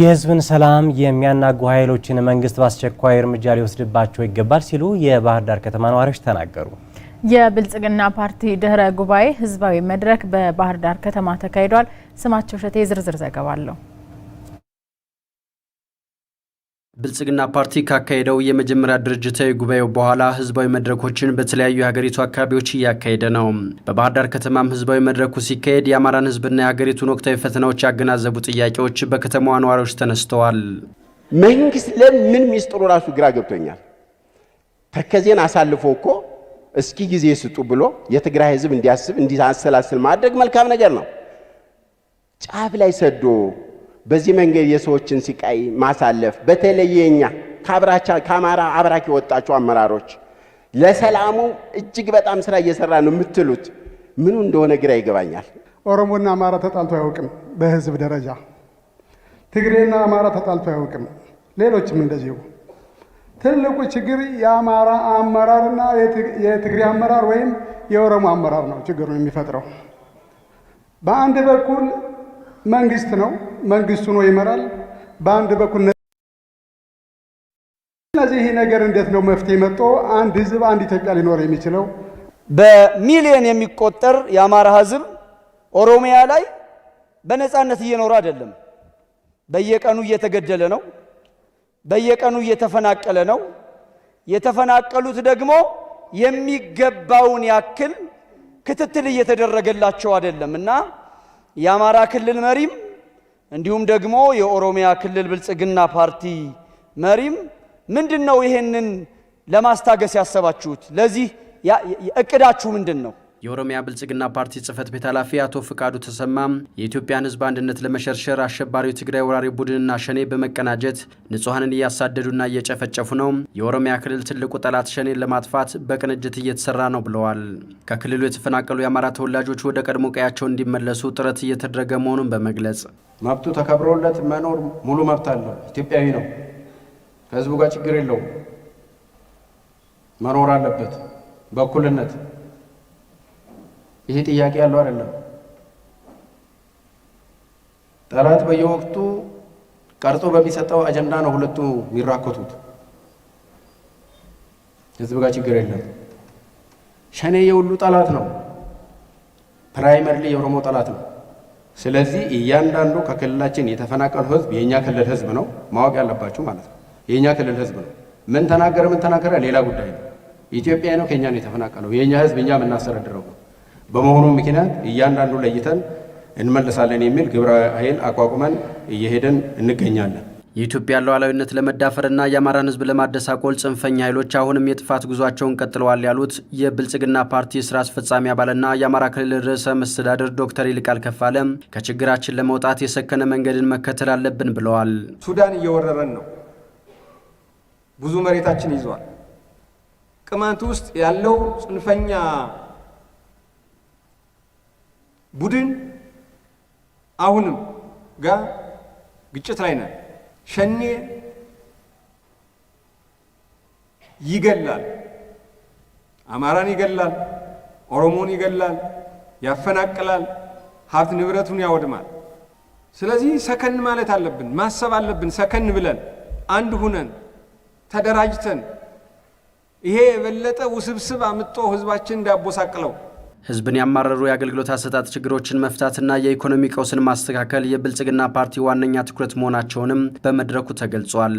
የህዝብን ሰላም የሚያናጉ ኃይሎችን መንግስት በአስቸኳይ እርምጃ ሊወስድባቸው ይገባል ሲሉ የባህር ዳር ከተማ ነዋሪዎች ተናገሩ። የብልጽግና ፓርቲ ድህረ ጉባኤ ህዝባዊ መድረክ በባህር ዳር ከተማ ተካሂዷል። ስማቸው ሸቴ ዝርዝር ዘገባ አለው። ብልጽግና ፓርቲ ካካሄደው የመጀመሪያ ድርጅታዊ ጉባኤው በኋላ ህዝባዊ መድረኮችን በተለያዩ የሀገሪቱ አካባቢዎች እያካሄደ ነው። በባህር ዳር ከተማም ህዝባዊ መድረኩ ሲካሄድ የአማራን ህዝብና የሀገሪቱን ወቅታዊ ፈተናዎች ያገናዘቡ ጥያቄዎች በከተማዋ ነዋሪዎች ተነስተዋል። መንግስት ለምን ሚስጥሩ ራሱ ግራ ገብቶኛል። ተከዜን አሳልፎ እኮ እስኪ ጊዜ ስጡ ብሎ የትግራይ ህዝብ እንዲያስብ እንዲሰላስል ማድረግ መልካም ነገር ነው። ጫፍ ላይ ሰዶ በዚህ መንገድ የሰዎችን ስቃይ ማሳለፍ በተለየኛ ከአብራቻ ከአማራ አብራክ የወጣችሁ አመራሮች ለሰላሙ እጅግ በጣም ስራ እየሰራ ነው የምትሉት ምኑ እንደሆነ ግራ ይገባኛል። ኦሮሞና አማራ ተጣልቶ አያውቅም። በህዝብ ደረጃ ትግሬና አማራ ተጣልቶ አያውቅም። ሌሎችም እንደዚሁ። ትልቁ ችግር የአማራ አመራርና የትግሬ አመራር ወይም የኦሮሞ አመራር ነው ችግሩን የሚፈጥረው በአንድ በኩል መንግስት ነው። መንግስቱ ነው ይመራል። በአንድ በኩል ስለዚህ ይህ ነገር እንዴት ነው መፍትሄ መጥቶ አንድ ህዝብ አንድ ኢትዮጵያ ሊኖር የሚችለው? በሚሊዮን የሚቆጠር የአማራ ህዝብ ኦሮሚያ ላይ በነፃነት እየኖረ አይደለም። በየቀኑ እየተገደለ ነው። በየቀኑ እየተፈናቀለ ነው። የተፈናቀሉት ደግሞ የሚገባውን ያክል ክትትል እየተደረገላቸው አይደለም እና የአማራ ክልል መሪም እንዲሁም ደግሞ የኦሮሚያ ክልል ብልጽግና ፓርቲ መሪም ምንድን ነው ይሄንን ለማስታገስ ያሰባችሁት? ለዚህ እቅዳችሁ ምንድን ነው? የኦሮሚያ ብልጽግና ፓርቲ ጽህፈት ቤት ኃላፊ አቶ ፍቃዱ ተሰማ የኢትዮጵያን ህዝብ አንድነት ለመሸርሸር አሸባሪው ትግራይ ወራሪ ቡድንና ሸኔ በመቀናጀት ንጹሐንን እያሳደዱና እየጨፈጨፉ ነው። የኦሮሚያ ክልል ትልቁ ጠላት ሸኔን ለማጥፋት በቅንጅት እየተሰራ ነው ብለዋል። ከክልሉ የተፈናቀሉ የአማራ ተወላጆች ወደ ቀድሞ ቀያቸው እንዲመለሱ ጥረት እየተደረገ መሆኑን በመግለጽ መብቱ ተከብሮለት መኖር ሙሉ መብት አለው። ኢትዮጵያዊ ነው። ከህዝቡ ጋር ችግር የለውም። መኖር አለበት በእኩልነት ይሄ ጥያቄ ያለው አይደለም። ጠላት በየወቅቱ ቀርጾ በሚሰጠው አጀንዳ ነው ሁለቱ የሚራኮቱት። ህዝብ ጋር ችግር የለም። ሸኔ የሁሉ ጠላት ነው። ፕራይመሪሊ የኦሮሞ ጠላት ነው። ስለዚህ እያንዳንዱ ከክልላችን የተፈናቀሉ ህዝብ የእኛ ክልል ህዝብ ነው ማወቅ ያለባችሁ ማለት ነው። የእኛ ክልል ህዝብ ነው። ምን ተናገረ ምን ተናገረ ሌላ ጉዳይ ነው። ኢትዮጵያ ነው ከእኛ ነው የተፈናቀለው። የእኛ ህዝብ እኛ የምናስተዳድረው ነው። በመሆኑ ምክንያት እያንዳንዱ ለይተን እንመለሳለን የሚል ግብረ ኃይል አቋቁመን እየሄደን እንገኛለን። የኢትዮጵያ ሉዓላዊነት ለመዳፈርና የአማራን ሕዝብ ለማደሳቆል ጽንፈኛ ኃይሎች አሁንም የጥፋት ጉዟቸውን ቀጥለዋል ያሉት የብልጽግና ፓርቲ ስራ አስፈጻሚ አባልና የአማራ ክልል ርዕሰ መስተዳድር ዶክተር ይልቃል ከፋለ ከችግራችን ለመውጣት የሰከነ መንገድን መከተል አለብን ብለዋል። ሱዳን እየወረረን ነው። ብዙ መሬታችን ይዟል። ቅማንት ውስጥ ያለው ጽንፈኛ ቡድን አሁንም ጋር ግጭት ላይ ነን። ሸኔ ይገላል፣ አማራን ይገላል፣ ኦሮሞን ይገላል፣ ያፈናቅላል፣ ሀብት ንብረቱን ያወድማል። ስለዚህ ሰከን ማለት አለብን፣ ማሰብ አለብን። ሰከን ብለን አንድ ሁነን ተደራጅተን ይሄ የበለጠ ውስብስብ አምጦ ህዝባችን እንዳያቦሳቅለው ህዝብን ያማረሩ የአገልግሎት አሰጣጥ ችግሮችን መፍታትና የኢኮኖሚ ቀውስን ማስተካከል የብልጽግና ፓርቲ ዋነኛ ትኩረት መሆናቸውንም በመድረኩ ተገልጿል።